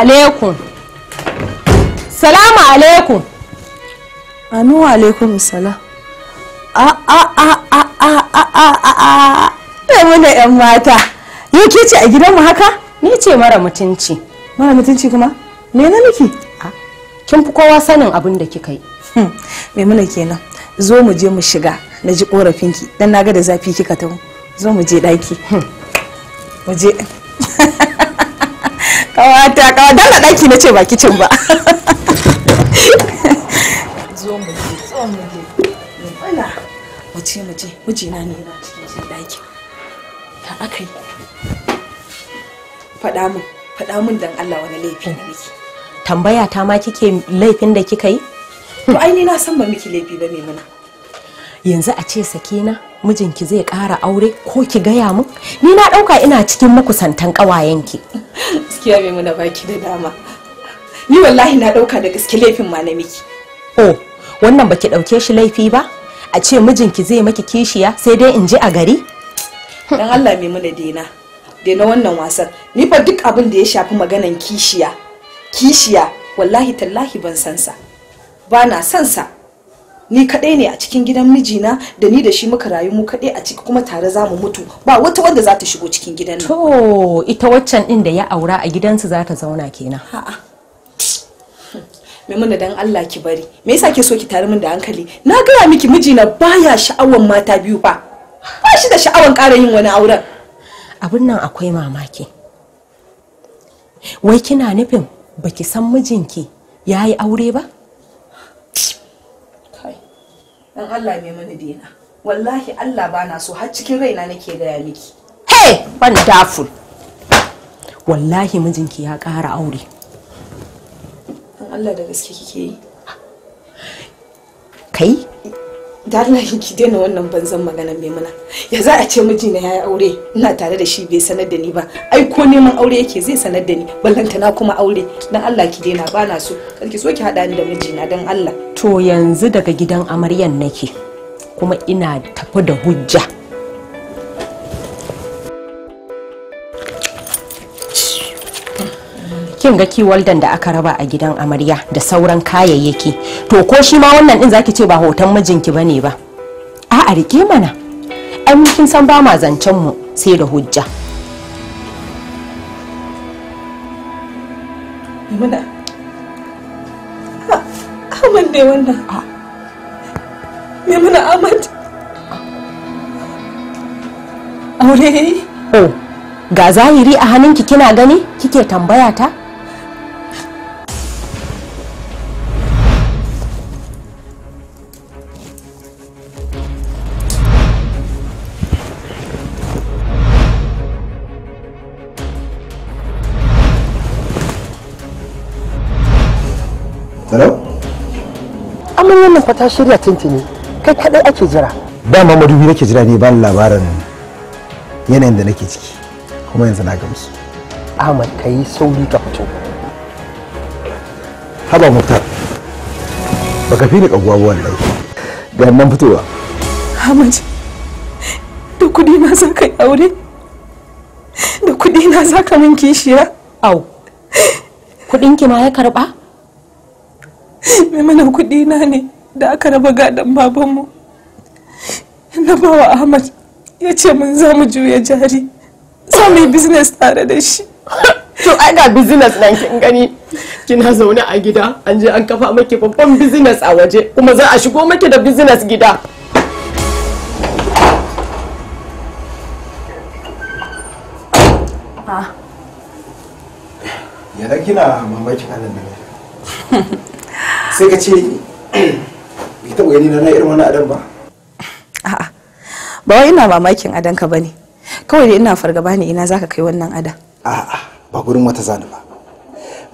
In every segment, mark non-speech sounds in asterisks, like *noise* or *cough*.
alaikum salamu alaikum anu alaikum salam a a a a a a a a a a muna yan mata a ke a a gidanmu haka ni ce mara mutunci mara mutunci kuma me na a kin fi kowa sanin abin da kika yi hmm, a a kenan zo mu je mu shiga na ji korafinki dan naga da zafi kika a zo mu je daki hmm. mu je *laughs* kawata kawa dala daki na ce ba kicin ba zo mu je zo mu je mu ce mu je ne cikin ta faɗa faɗa dan Allah wani laifi ne miki tambaya ta ma kike laifin da kika yi to ai ni na san ba miki laifi ba ne mana yanzu a ce sakina mijinki zai ƙara aure ko ki gaya min ni na ɗauka ina cikin makusantan ƙawayenki gaskiya mai muna baki da dama ni wallahi na ɗauka da gaske laifin ma na miki oh wannan baki ɗauke shi laifi ba a ce mijinki zai maki kishiya sai dai in ji a gari dan Allah mai muna dena dena wannan wasan ni fa duk abin da ya shafi maganan kishiya kishiya wallahi tallahi ban sansa. sa ba na san sa ni kaɗai ne a cikin gidan mijina da ni da shi muka rayu mu kaɗai a ciki kuma tare za mu mutu ba wata wanda za ta shigo cikin gidan nan. To ita waccan ɗin da ya aura a gidansu za ta zauna kenan. A'a. muna dan Allah ki bari. Me yasa ke so ki tare min da hankali? Na gaya miki mijina baya sha'awar mata biyu ba Ba shi da sha'awar ƙara yin wani auren. Abin nan akwai mamaki. Wai kina nufin baki san mijinki yayi aure ba? dan Allah mai mana dena wallahi Allah bana so har cikin raina nake gaya miki ban wonderful wallahi mijinki ya ƙara aure dan Allah da gaske kike yi kai da Allah *laughs* ki daina wannan banzan magana mai mana ya za a ce mijina ya yi aure ina tare da shi bai sanar da ni ba ai ko neman aure yake zai sanar da ni na kuma aure dan Allah ki daina ba na so ki so ki hada ni da mijina dan Allah to yanzu daga gidan amaryan nake kuma ina tafi da hujja kin ga kiwaldan da aka raba a gidan amarya da sauran kayayyaki to ko shi ma wannan din zaki ce ba hoton mijinki bane ba a a rike mana an kin san ba ma zancen mu sai da hujja mana dai wannan me mana aure oh ga zahiri a hannunki kina gani kike tambaya ta fa ta shirya tintini kai kadai ake jira ma madubi nake jira ne ba labarin yanayin da nake ciki kuma yanzu na gamsu ahmad ka yi sauri ka fito haba ba baka fi ni kaguwa wallahi ga nan fitowa ahmad da kudi na za ka yi aure da kudi na za ka min kishiya au kudin ki ma ya karba mai mana kudi na ne da aka raba gadon babanmu na bawa ahmad ya ce mun za mu juya jari za mu yi business tare da shi to ai ga business nan kin gani kina zaune a gida an je an kafa maki babban business a waje kuma za a shigo maki da business gida ah. yara kina mamakin anan da sai ka ce taɓa ba a'a ba wai ina mamakin adan ka bane kawai da ina fargaba ne ina zaka kai wannan adan a'a ba gurin wata zani ba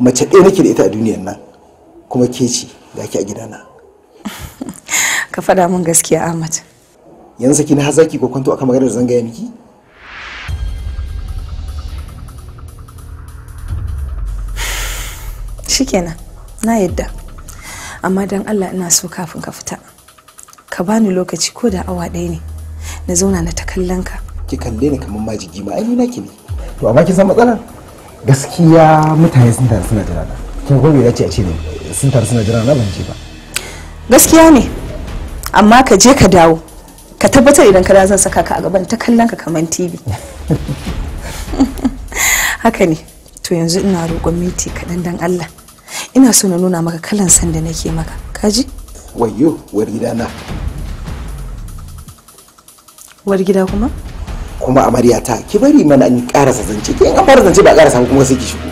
mace ɗaya nake da ita a duniyar nan kuma ke ce da ki a gidana *laughs* ka faɗa min gaskiya Ahmad yanzu kina hazaki ko kwanto akan maganar zan gaya miki shikenan na yadda amma don allah ina so kafin ka fita ka bani lokaci ko da awa ɗaya ne na zauna na ta kallon ka ki kalle ni kamar majigi ma ai na ki ne to amma kin san matsalar gaskiya mutane sun tar suna jira na kin gobe da ce a ce ne sun tar suna jira na ban ce ba gaskiya ne amma ka je ka dawo ka tabbatar idan ka da zan saka ka a gaban ta kallon ka kamar tv *laughs* haka ne to yanzu ina roƙon minti kaɗan dan allah ina so na nuna maka kalan sanda nake maka kaji wayyo war gida na war gida kuma kuma amarya ta ki bari mana an karasa zance ki an fara zance ba karasa kuma sai ki shigo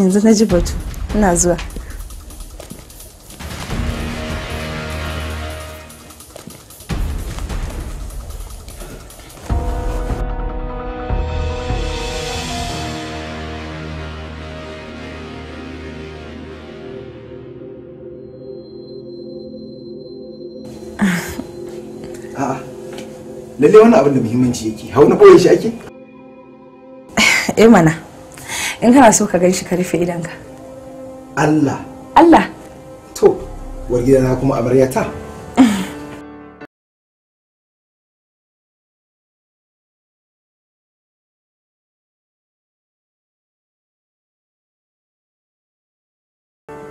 yanzu na ji batu ina zuwa lalle wannan abin da muhimmanci yake hau na boye shi ake *laughs* eh mana in kana so ka ganshi ka rufe idanka Allah Allah to war gidana kuma amarya ta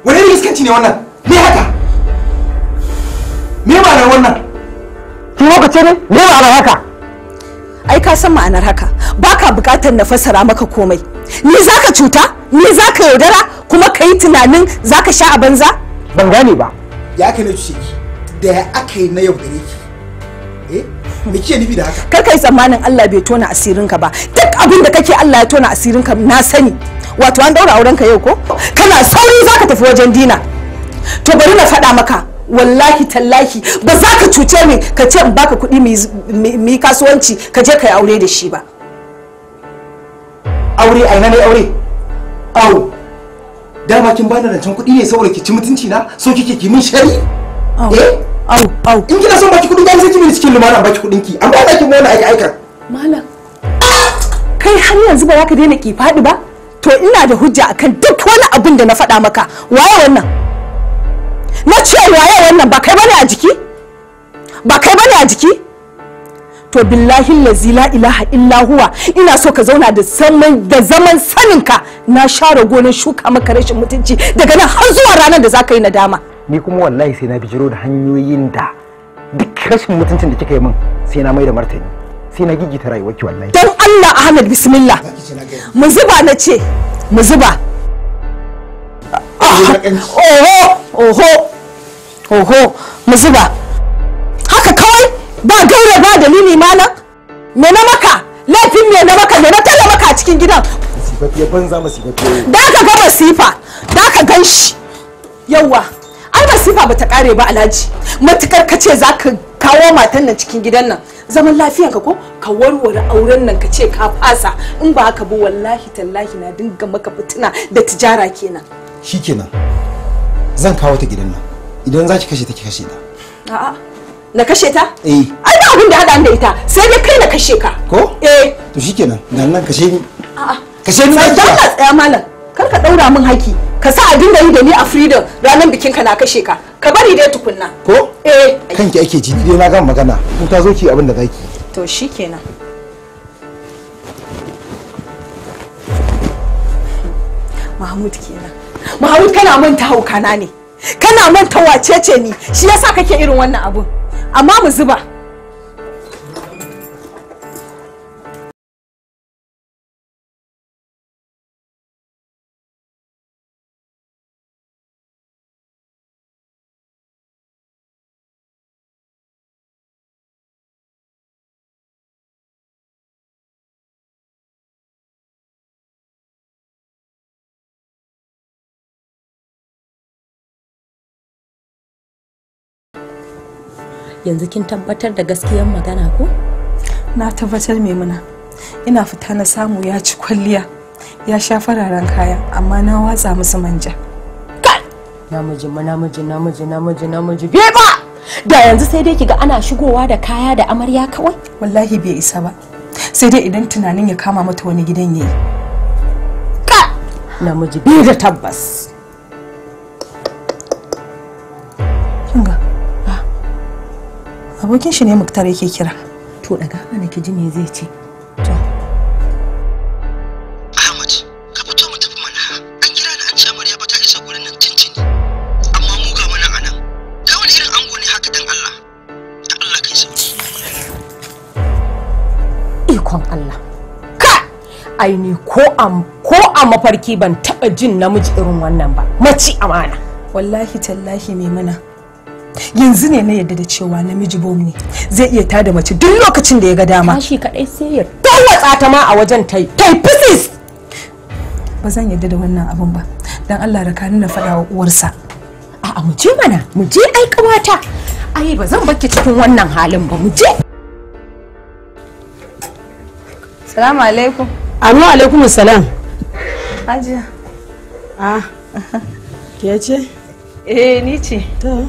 *laughs* wani riskanci ne wannan me haka me ba wannan ki lokaci ne me ba ana haka ai ka san ma'anar haka baka bukatar na fassara maka komai ni zaka cuta ni zaka yaudara kuma ka yi tunanin zaka sha a banza ban gane ba ya kai na ki da ya aka yi na gare ki eh me kike nufi da haka kar kai tsammanin Allah bai tona asirin ka ba duk abin da kake Allah ya tona asirin ka na sani wato an daura auren ka yau ko kana sauri zaka tafi wajen dina to bari na faɗa maka wallahi tallahi ba za ka cuce ni ka ce in baka kuɗi mu kasuwanci ka je ka yi aure da shi ba aure a ina ne aure au dama kin bani rancen kuɗi ne saboda ki ci mutunci na so kike ki min shari eh au au in kina son baki kuɗin ga sai ki mini cikin lumana baki kuɗin ki amma za ki mona aika aikan malam kai har yanzu ba za ka daina ki faɗi ba to ina da hujja akan duk wani abin da na faɗa maka waye wannan na ce waye wannan ba kai bane a jiki ba kai bane a jiki to billahi lazi la ilaha illa huwa ina so ka zauna da zaman da zaman saninka na share gonar shuka maka rashin mutunci daga nan har zuwa ranar da zaka yi nadama ni kuma wallahi sai na bijiro da hanyoyin da duk rashin mutuncin da kika yi min sai na mai da martani sai na gigita rayuwarki wallahi dan Allah Ahmad bismillah mu zuba na ce mu zuba oho oho oho mu zuba haka kawai ba gaira ba dalili malam me na maka laifin me na maka me na talla maka cikin gidan masifafiyar banza masifafiyar da ka ga masifa da ka ganshi shi yawwa ai masifa ba ta kare ba alhaji matukar ka ce za ka kawo matan nan cikin gidan nan zaman lafiyan ka ko ka warware auren nan ka ce ka fasa in ba haka ba wallahi tallahi na dinga maka fitina da tijara kenan shikenan zan kawo ta gidan nan idan za ki kashe ta ki kashe ta a'a na kashe ta eh ai ba abin da hada da ita sai dai kai na kashe ka ko eh to shikenan dan nan kashe ni a'a kashe ni sai dan ka tsaya malam kar ka daura min haki ka sa abin da yi da ni a freedom ranar bikin ka na kashe ka ka bari dai tukunna ko eh kanki ake ji dai na gama magana in ta zo ki abin da zaki to shikenan Mahmud kenan Mahmud kana manta haukana ne kana manta wacece ni shi yasa kake irin wannan abun amma mu zuba yanzu kin tabbatar da gaskiyar magana ko na tabbatar muna ina fita na samu ya ci kwalliya ya sha fararen kaya amma na watsa musu manja namiji namiji namiji namiji namiji bai ba da yanzu sai dai ki ga ana shigowa da kaya da amarya kawai wallahi bai isa ba sai dai idan tunanin ya kama mata wani gidan yayi namiji bai da tabbas abokin shi ne muktar yake kira to daga ana ki ji me zai ce to Ahmad ka fito mu tafi mana an kira ni an ce amarya ba ta isa gurin nan tintini amma mu ga mana anan kai wani irin ango ne haka dan Allah da Allah kai sauki ikon Allah ka ai ni ko am ko a mafarki ban taba jin namiji irin wannan ba mace amana wallahi tallahi mai mana yanzu ne na yadda da cewa namiji bom ne zai iya tada mace duk lokacin da ya ga dama tashi kadai sai ya tawatsa ta ma a wajen tai tai fisis ba zan yadda da wannan abun ba dan Allah raka ni na faɗa wa uwarsa a'a mu je mana mu je ai kawata ai ba zan barki cikin wannan halin ba mu je salamu alaikum amma alaikum salam ajiya ah *laughs* ke ce eh ni ce to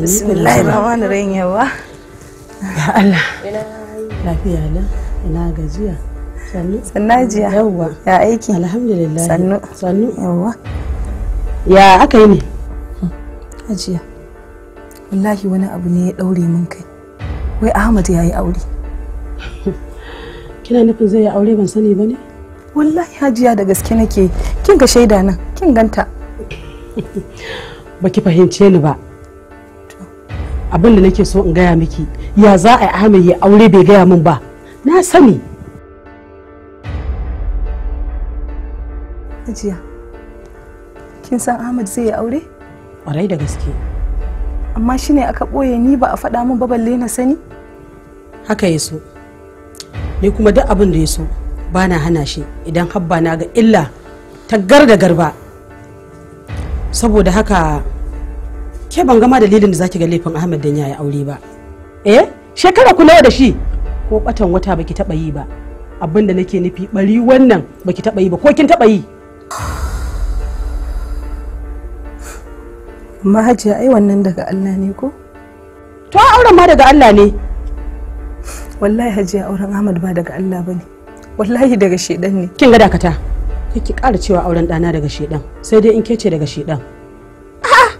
bismillahi rahmanu rahim yawa ya Allah lafiya na ina gajiya sannu yawa ya aiki alhamdulillah sannu sannu yawa ya aka yi ne hajiya wallahi wani abu ne ya daure min kai wai ahmad ya yi aure kina nufin zai yi aure ban sani ba ne wallahi hajiya da gaske nake kin ga shaida nan kin ganta *laughs* baki fahimce ni ba abin da nake so in gaya miki ya za a yi ahmed ya aure bai gaya min ba na sani ajiya kin san ahmed zai yi aure kwarai da gaske amma shine aka ɓoye ni ba a faɗa min ba balle na sani haka ya so ni kuma duk abin da ya so ba na hana shi idan habba na ga illa ta gar da garba saboda haka ke ban gama dalilin da zaki ga laifin Ahmad dan yayi aure ba eh shekara ku nawa da shi ko batan wata baki taba yi ba abin da nake nufi bari wannan baki taba yi ba ko kin taba yi amma hajiya ai wannan daga Allah ne ko to auren ma daga Allah ne wallahi hajiya auren Ahmad ba daga Allah bane wallahi daga shedan ne kin ga dakata kake ƙara cewa auren ɗana daga shedan sai dai in ke ce daga shedan ah!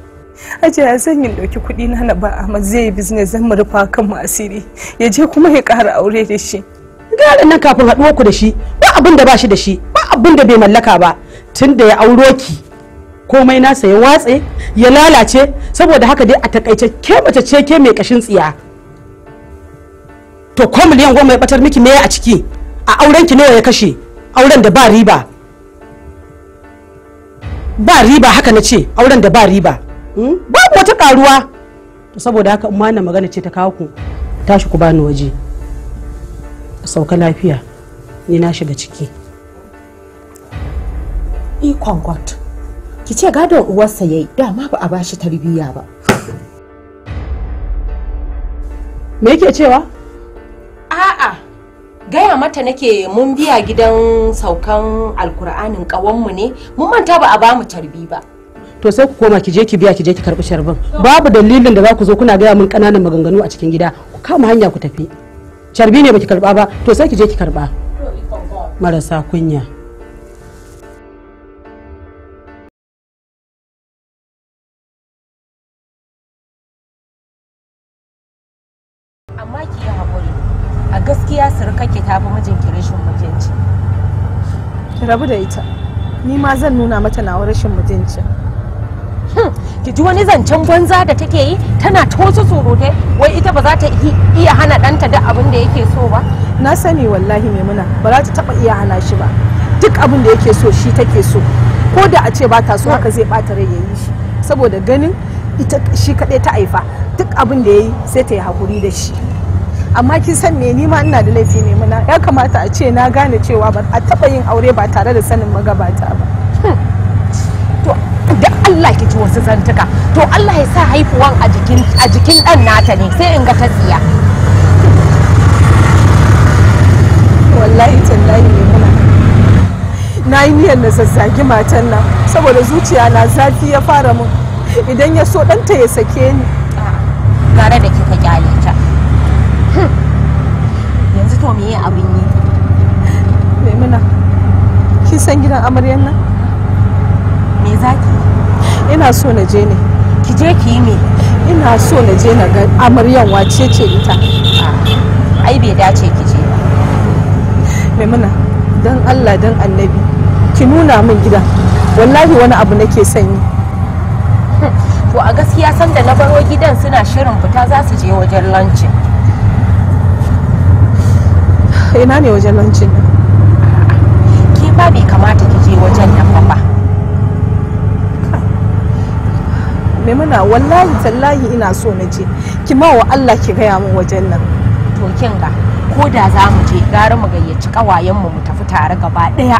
aje ya san yin ɗauki kuɗi na na ba amma zai yi business zan mu rufa kan asiri ya je kuma ya ƙara aure da shi gara nan kafin haɗuwar ku da shi ba abin da ba shi da shi ba abin da bai mallaka ba tun da ya auro ki komai nasa ya watse ya lalace saboda haka dai a takaice ke mace ce ke mai kashin tsiya to ko miliyan goma ya batar miki me a ciki a auren ki ne ya kashe auren da ba riba ba riba haka na ce auren da ba riba Ba hmm? babu wata karuwa to saboda haka umma na magana ce ta kawo ku tashi ku bani waje sauka lafiya ni na shiga ciki i kwangwat ki ce gadon uwarsa yayi dama ba a bashi tarbiyya ba me yake cewa a'a gaya mata nake mun biya gidan saukan alkur'anin ƙawanmu ne mun manta ba a bamu tarbi ba to sai ku koma ki je ki biya ki je ki karbi sharbin babu dalilin da za ku zo kuna gaya mun ƙananan maganganu a cikin gida ku kama hanya ku tafi sharbi ne baki karba ba to sai ki je ki karba marasa kunya gaskiya surkake ta fi mijinki rashin mutunci rabu da ita ni ma zan nuna mata nawa rashin mutunci hmm, ki ji wani zancen gwanza da take yi tana tosu surutai wai ita ba za ta iya hana ɗanta da abin da yake so ba na sani wallahi maimuna ba za ta taba iya hana shi ba duk abin da yake so shi take so ko da a ce ba ta so haka zai ɓata rai ya yi shi saboda ganin ita shi kaɗai ta haifa duk abin da ya yi sai ta yi haƙuri da shi amma kin san me ni ma ina da laifi ne muna ya kamata a ce na gane cewa ba a taba yin aure ba tare da sanin magabata ba to da Allah ki ji wasu zantuka to Allah ya sa haifuwan a jikin a jikin dan nata ne sai in ga ta tsiya wallahi tallahi ne muna na yi niyyar na zazzagi matan nan saboda zuciya na zafi ya fara mun idan ya so ɗanta ya sake ni tare da kika kyale ta to me abin yi maimuna kin san gidan amaryan nan me zaki ina so na je ne ki je ki yi me ina so na je na ga amaryan wace ce ita ai bai dace ki je ba maimuna dan Allah dan annabi ki nuna min gidan wallahi wani abu nake sanyi *laughs* to a gaskiya sanda na baro gidan suna shirin fita za su je wajen lancin kai ina ne wajen lancin nan ki ba bai kamata kije wajen nan ba muna wallahi tallahi ina so na je ki ma wa Allah ki gaya min wajen nan to kin ga ko da za mu je gara mu gayyaci kawayen mu mu tafi tare gaba daya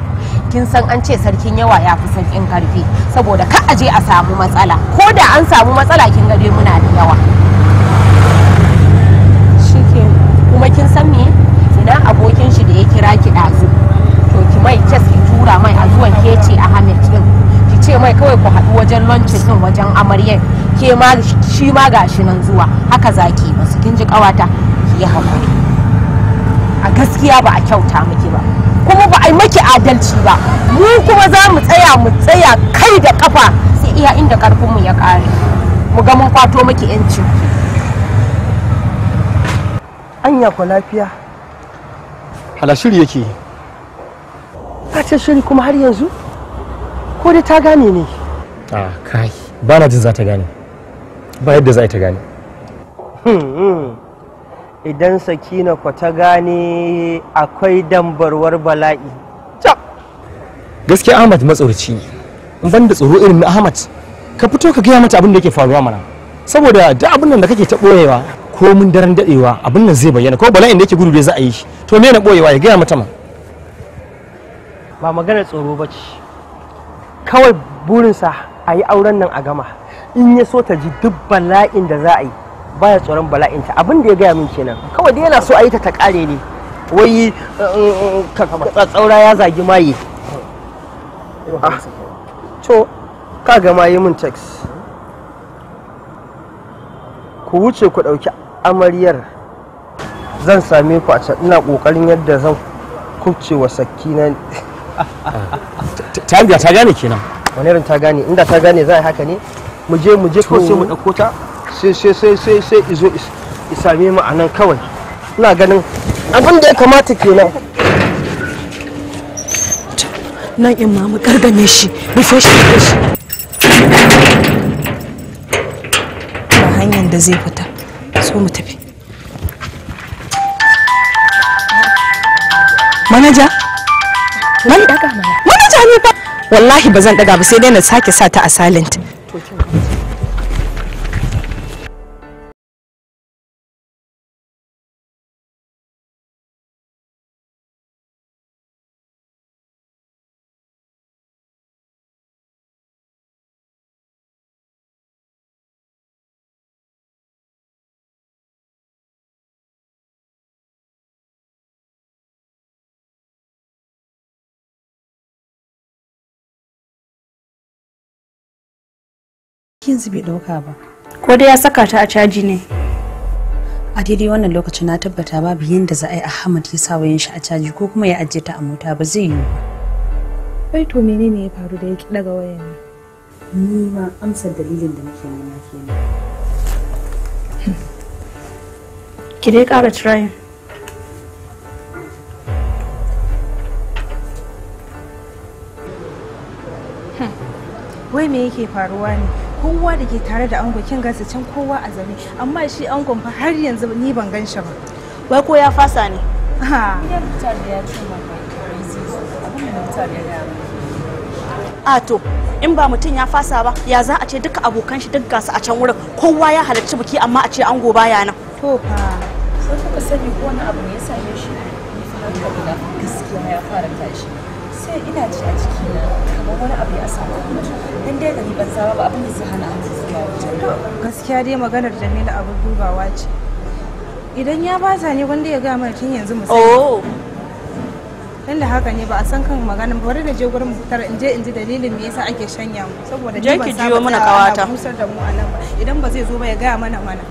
kin san an ce sarkin yawa ya fi sarkin karfi saboda ka a je a samu matsala ko da an samu matsala kin ga dai muna da yawa kuma kin san me wannan abokin shi da ya kira ki ɗazu to ki mai kes ki tura mai a zuwan ke ce a hamid ɗin ki ce mai kawai ku haɗu wajen lunchin din wajen amaryar ke ma shi ma gashi nan zuwa haka zaki ba kin ji ƙawata ki yi hakuri a gaskiya ba a kyauta miki ba kuma ba a yi maki adalci ba mu kuma za mu tsaya mu tsaya kai da kafa sai iya inda karfinmu ya kare mu ga mun kwato maki yanci anya lafiya hala shiri yake yi ce shiri kuma har yanzu ko dai ta gane ne a kai ba na jin za ta gane ba yadda za ta gane hmm, hmm. idan sakina ku ta gane akwai dambarwar bala'i gaskiya ahmad matsoraci ne ban da tsoro irin na ahmad ka fito ka gaya mata abin da yake faruwa mana saboda duk abin da kake ta ɓoyewa ko mun daren dadewa abin nan zai bayyana ko bala'in da yake gudu dai za a yi to me na boyewa ya gaya mata ma ba magana tsoro ba ce kawai burinsa a yi auren nan a gama in ya so ta ji duk bala'in da za a yi baya tsoron bala'in ta abin da ya gaya min kenan kawai dai yana so a yi ta ta kare ne wai eh, eh, eh, tsaura ya zagi maye ah, to ka gama yi min text ku wuce ku ɗauki amaryar zan same ku a can ina kokarin yadda zan kubce wa sakki na ta biya ta gane kenan wani irin ta gane inda ta gane za a haka ne mu je mu je ko sai mu dauko ta sai sai sai sai sai izo isame mu a nan kawai ina ganin abin da ya kamata kenan nan in mamu gargame shi rufe shi da hanyar da zai fita so mu tafi manaja manaja ne fa wallahi ba zan daga ba sai dai na sake sa ta a silent yanzu bai ɗauka ba. Ko dai ya saka ta a caji ne? A daidai wannan lokacin na tabbata babu yadda za a yi Ahmad ya sa wayan shi a caji ko kuma ya ajiye ta a mota ba zai yi ba. Ai to menene ya faru da ya ki daga wayan Ni ma amsar dalilin da nake nema kenan. Ki dai ƙara trying. wai me yake faruwa ne kowa da ke tare da ango kin gasa can kowa a zame amma shi angon fa har yanzu ni ban gan shi ba wai ko ya fasa ne a to in ba mutum ya fasa ba ya za a ce duka abokan shi duk gasa a can wurin kowa ya halarci biki amma a ce ango baya nan to fa sai kuka sani ko wani abu ne ya same shi ni fa hankali gaskiya ya fara tashi sai ina ji a ciki na kamar wani abu ya samu kuma dan dai gani ban saba ba abin da zai hana mu zuwa wajen gaskiya dai maganar Jamila abu dubawa ce idan ya bata ne wanda ya ga mana tun yanzu mu oh da haka ne ba a san kan maganin bari da je gurin mutar in je in ji dalilin me yasa ake shanya mu saboda je ki jiyo mana kawata musar da mu anan ba idan ba zai zo ba ya ga mana mana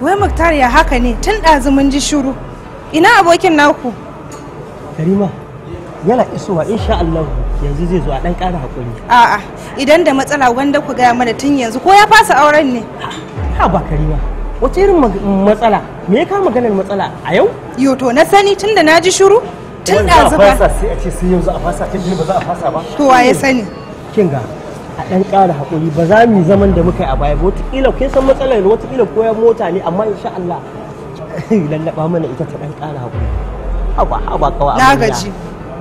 wai muktar ya haka ne tun ɗazu mun ji shiru ina abokin naku karima yana isowa insha Allah yanzu zai zo a dan ƙara hakuri a'a idan da matsala wanda ku gaya mana tun yanzu ko ya fasa auren ne ha ba karima wace irin matsala me ya kama maganar matsala a yau yo to na sani tunda na ji shiru tun da zuba sai a ce sai yanzu a fasa tun ba za a fasa ba to wa ya sani kin ga a ɗan ƙara hakuri ba za mu zaman da muka yi a baya ba wataƙila kin san matsalar wataƙila koyar mota ne amma insha Allah Eh, lallaba mana ita ta dan ƙara hakuri haba haba kawa na gaji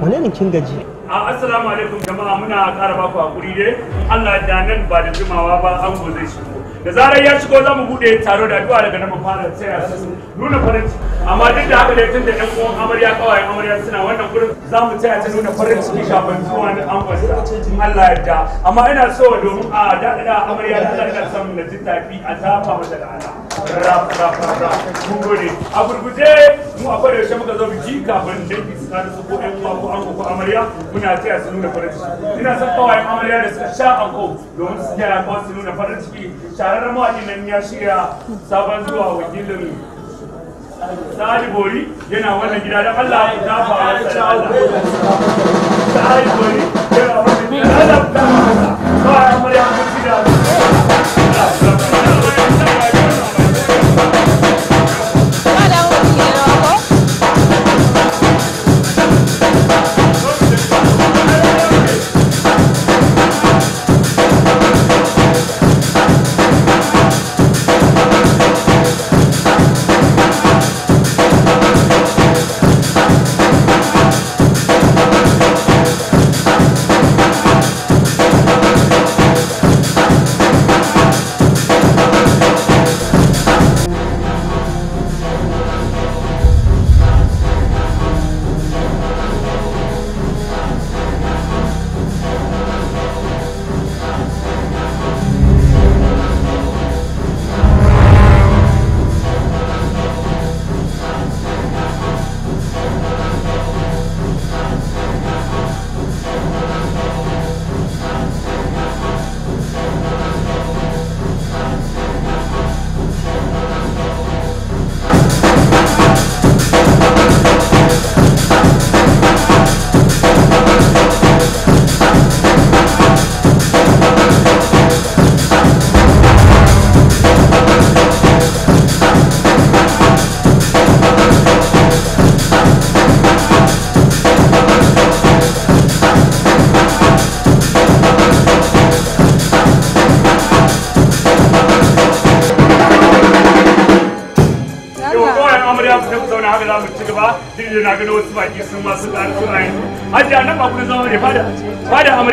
wani ne kin gaji assalamu alaikum jama'a muna ƙara baku hakuri dai Allah da nan ba da jimawa ba an zai shi da zarar ya shigo za mu bude taro da addu'a daga nan mu fara tsaya su nuna farin ciki amma duk da haka da tun da ɗan uwan amarya kawai amarya suna wannan gurin za mu tsaya ta nuna farin ciki kafin zuwa na an wasa Allah yadda amma ina so domin a daɗaɗa amarya da Allah samu na ji tafi a tafa mata da ala. rap rap rap mun gode a gurguje mu akwai kwada yaushe muka zo biki kafin dangi su kada su ko ɗan uwa ko ango ko amarya muna tsaya su nuna farin ciki ina son kawai amarya da suka sha anko domin su gyara kawai su nuna farin ciki shara shahararren mawaƙin nan ya shirya sabon zuwa wakilin Sa'adu Bori yana wannan gida don Allah ya Allah. Sa'adu Bori yana wannan gida Allah ya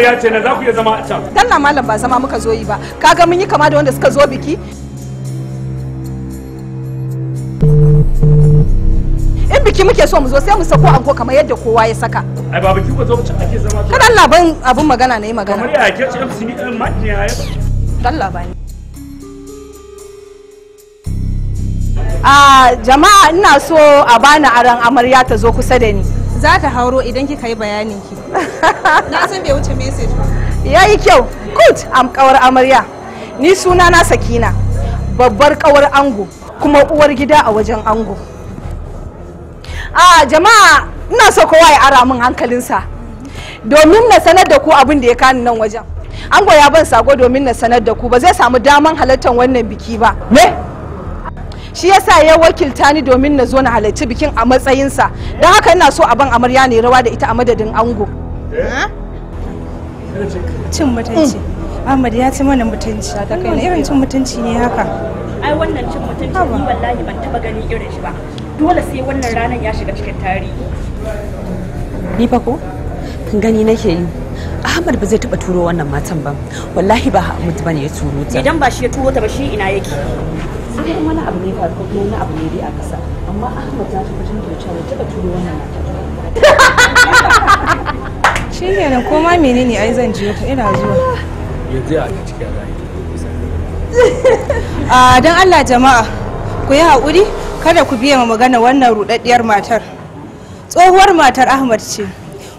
amarya ce ba zama muka zo yi ba kaga mun yi kama da wanda suka zo biki in biki muke so mu zo sai mu sako anko kamar yadda kowa ya saka ai ba abun magana ne magana a ah, jama'a ina so a bani aran amarya ta zo kusa da ni za ta hauro idan kika yi bayanin ki na san bai wuce message ya yi kyau good am kawar amarya ni suna na sakina babbar kawar ango kuma uwar gida a wajen ango a jama'a ina so kowa ya ara min hankalinsa domin na sanar da ku abin da ya kani nan wajen ango ya ban sago domin na sanar da ku ba zai samu daman halartar wannan biki ba ne shi yasa ya wakilta ni domin na zo na halarci bikin a matsayinsa don haka ina so a ban amarya ne rawa da ita a madadin ango eh? cin mutunci hmm. Ahmad ya ci mana mutunci wannan irin cin mutunci ne haka ai wannan cin mutunci ni wallahi ban taba ganin irin shi ba dole sai wannan ranar ya shiga cikin tarihi ni fa ko gani nake yi Ahmad ba zai taba turo wannan matan ba wallahi ba Ahmad bane ya turo ta idan ba shi ya turo ta ba shi ina yake sai dai wani abu ne faru kuma wani abu ne dai a ƙasa amma ahmad ya tabbatar da cewa ya taɓa turo wannan mata *laughs* shi ne na koma menene ai zan je ta ina zuwa yanzu a cikin rayu *laughs* a ah, don allah jama'a ku yi haƙuri kada ku biya magana wannan rudaddiyar matar tsohuwar matar ahmad ce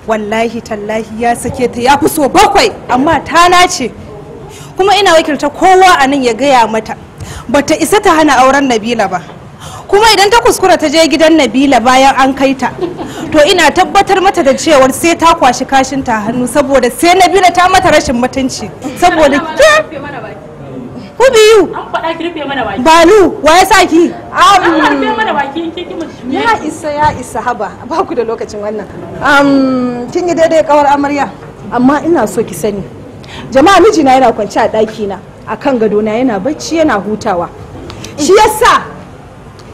wallahi tallahi ya sake ta ya fi so bakwai amma tana ce kuma ina wakilta kowa a nan ya gaya mata bata isa ta hana auren nabila ba kuma idan ta kuskura ta je gidan nabila bayan an kai ta to ina tabbatar mata da cewar sai ta kwashi kashin ta hannu saboda sai nabila ta mata rashin mutunci saboda ke ku biyu balu wa ya saki ki ya isa ya isa haba ba ku da lokacin wannan kin yi daidai kawar amarya amma ina so ki sani jama'a mijina yana kwance a ɗakina na a kan na yana bacci yana hutawa shi yasa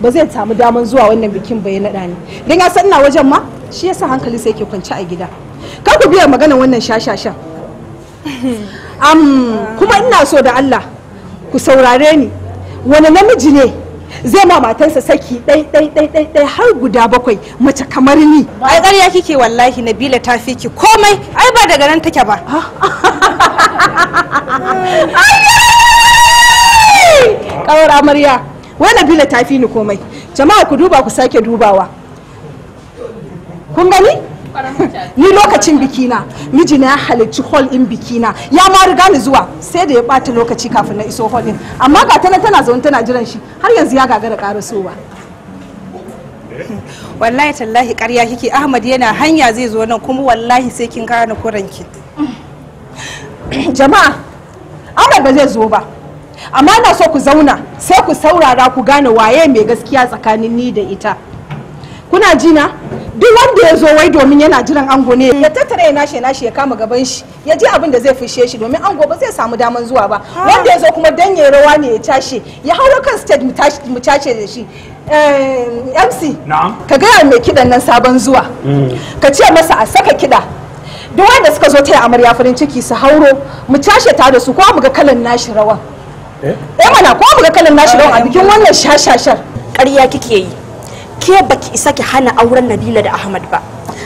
ba zai samu daman zuwa wannan bikin ya naɗa ni don ya san ina wajen ma shi yasa hankali sai ke kwance a gida kar ku biya magana wannan shashashan kuma ina so da Allah ku saurare ni wani namiji ne zai ma matansa saki ɗai ɗai ɗai ɗai ɗai har guda bakwai mace kamar ni ai ƙarya kike wallahi nabila ta fi ki komai ai ba daga nan take ba *laughs* kawar amarya wani bila ta fi ni komai jama'a ku duba ku sake dubawa kun gani ni lokacin bikina mijina ya halicci hall in bikina ya ma riga ni zuwa sai da ya bata lokaci kafin na iso hall din amma ga tana tana zaune tana jiran shi har yanzu ya gagara karasowa wallahi tallahi karya kike ahmad yana hanya zai zo nan kuma wallahi sai kin gane kuranki *clears throat* jama'a amar ba zai zo ba amma na so ku zauna sai ku saurara ku gane waye mai gaskiya tsakanin ni da ita kuna jina duk wanda ya zo wai domin yana jiran ango ne ya tattara ya nashe nashe ya kama gaban shi ya ji abin da zai fushe shi domin ango ba zai samu daman zuwa ba wanda ya zo kuma dan ya rawa ne ya cashe ya hau kan stage mu cashe da shi mc ka gaya mai kidan nan sabon zuwa mm. ka ce masa a saka kida duk wanda suka zo taya amarya farin ciki su hauro mu cashe ta da su ko mu ga kalan nashi rawan eh? eh mana ko mu ga kalan nashi rawan a bikin wannan shashashar ƙarya kike yi ke baki isa ki hana auren Nabila da Ahmad ba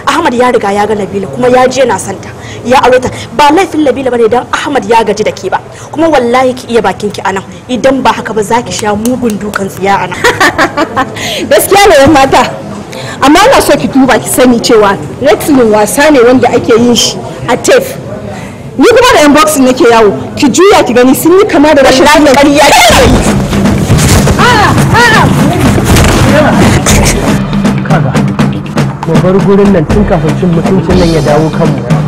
Ahmad ya riga ya ga Nabila kuma ya je na santa ya aure ta ba laifin Nabila bane dan Ahmad ya gaji da ke ba kuma wallahi ki iya bakin ki anan idan ba haka ba zaki sha mugun dukan tsiya anan *laughs* gaskiya ne mata amma ina so ki duba ki sani cewa wrestling wasa ne wanda ake yin shi a tef ni kuma da inbox nake yawo ki juya ki gani sun yi kama da rashin lafiya yi kaga mu bar gurin nan tun kafin cin mutuncin nan ya dawo kanmu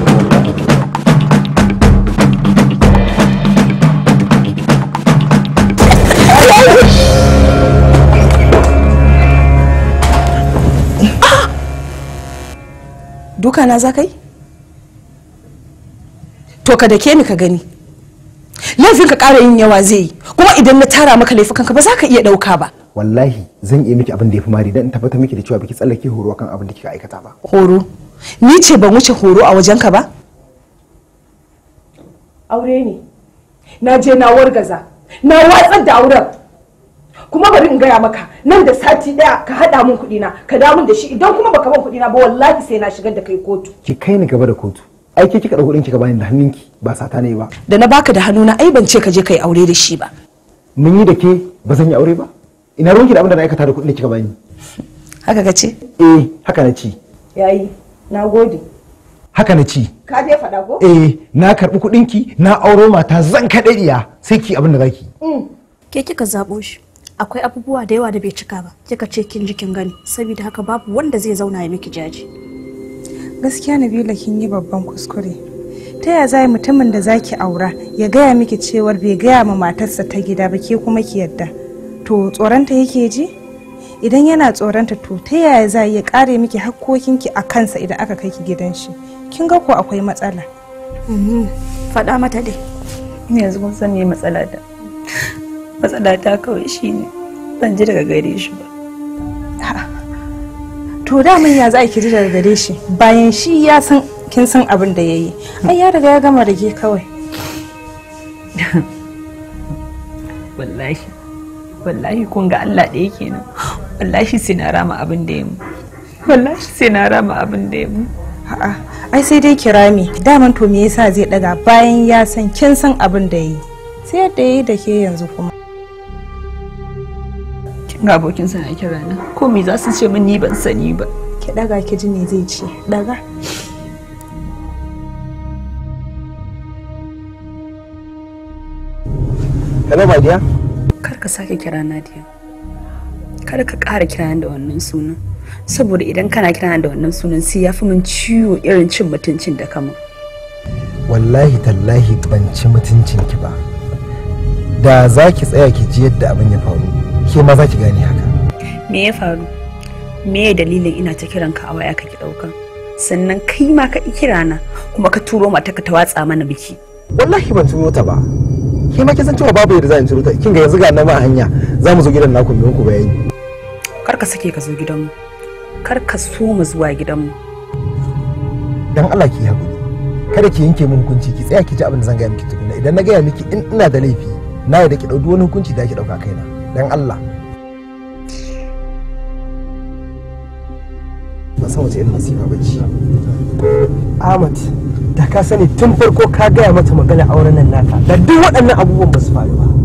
duka na za ka yi to ka ke ni ka gani laifin ka ƙara yin yawa zai yi kuma idan na tara maka laifukan ka ba za ka iya ɗauka ba wallahi zan iya miki abin da ya fi mari don in tabbatar miki da cewa biki tsallake horo kan abin da kika aikata ba horo ni ce ban wuce horo a wajen ka ba aure ne na je na wargaza na watsar da auren kuma bari in gaya maka nan da sati daya ka hada min kuɗi na ka da mun da shi idan kuma baka ban kuɗi na ba wallahi sai na shigar da kai kotu ki kai ni gaba da kotu ai ke kika da kuɗin kika bani da hannunki ba sata ne ba da na baka da hannuna ai ban ce ka je kai aure da shi ba mun yi da ke ba zan yi aure ba ina ruwanki da abin da na aikata da kudin da kika bani haka ka ce eh haka na ci yayi na gode haka na ci ka je faɗa ko eh na karɓi kuɗinki na auro mata zan kaɗe iya sai ki abin da zaki mm. ke kika zabo shi akwai abubuwa da yawa da bai cika ba kika ce kin ji kin gani saboda haka babu wanda zai zauna ya miki jaji gaskiya nabila kin yi babban kuskure ta ya zai mutumin da zaki aura ya gaya miki cewar bai gaya ma matarsa ta gida ba ke kuma ki yadda to tsoronta yake ji idan yana tsoronta to ta yaya zai ya kare miki ki a kansa idan aka kai ki gidan shi kin ga ko akwai matsala mhm. faɗa mata dai yanzu kun san matsala da matsala ta kawai shi ne ban ji daga gare shi ba to mun ya za ki ji daga gare shi bayan shi ya san kin san abin da ya yi ai ya riga ya gama da ke kawai *laughs* wallahi wallahi kun ga Allah yake nan wallahi sai na rama abin da ya wallahi sai na rama abin da yayi ai sai dai kira me daman to me yasa zai daga bayan ya san kin san abin da ya yi sai yadda ya yi da ke yanzu kuma ga abokin sa kira na ko me za su ce min ni ban sani ba ki daga ki ji ne zai ce daga Hello my dear kar ka sake kira na dia kar ka ƙara kira da wannan sunan saboda idan kana kira da wannan sunan sai ya fi min ciwo irin cin mutuncin da kama wallahi tallahi ban ci mutuncin ki ba da za ki tsaya ki ji yadda abin ya faru ke ma za ki gane haka me ya faru me ya dalilin ina ta kiran ka a waya kake ɗauka sannan kai ma ka kira na kuma ka turo mata ka ta watsa mana biki wallahi ban turo ta ba ke ma kin san cewa babu yadda za in turo ta kin ga yanzu ga nan a hanya za mu zo gidan naku mu ku bayani kar ka sake ka zo gidan mu kar ka so mu zuwa gidan mu dan Allah ki hakuri kada ki yanke min hukunci ki tsaya ki ji abin da zan gaya miki tukuna idan na gaya miki in ina da laifi na da ki dauki wani hukunci da ki dauka kaina dan Allah ba san wace irin masifa ba Ahmad da ka sani tun farko ka gaya mata magana auren nan naka da duk waɗannan abubuwan ba su faru ba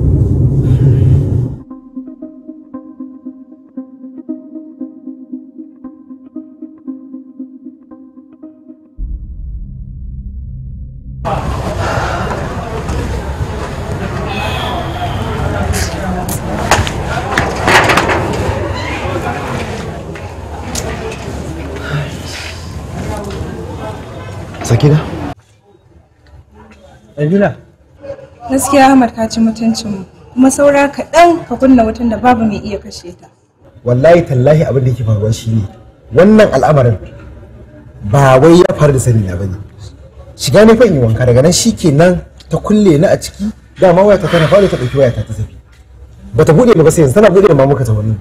nabila gaskiya ahmad ka ci mutuncinmu kuma saura kaɗan ka kunna wutan da babu mai iya kashe ta wallahi tallahi abin da yake faruwa shine wannan al'amarin ba wai ya faru da sani na bane shiga ne fa in yi wanka daga nan shikenan ta kulle ni a ciki dama waya ta tana fara ta dauki waya ta ta tafi bata bude ba sai yanzu tana bude ma muka ta wannan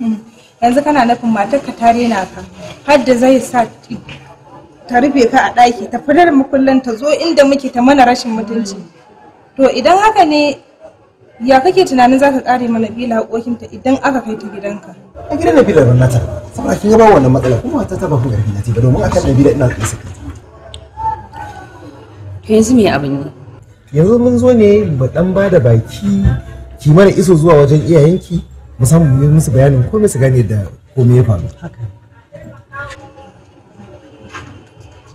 hmm. yanzu kana nufin matar ka tare na ka har da zai sa ta rufe ka a ɗaki ta fitar mukullin ta zo inda muke ta mana rashin mutunci to idan haka ne ya kake tunanin zaka kare mana bila hakokinta idan aka kai ta gidanka a gidan na bila ban nata saboda kin ga wannan matsala kuma ta taba ku na ce ba domin akan na bila ina tsaka to yanzu me abin ne yanzu mun zo ne mu dan ba da baki ki mana iso zuwa wajen iyayenki musamman mu musu bayanin komai su gane da komai ya faru haka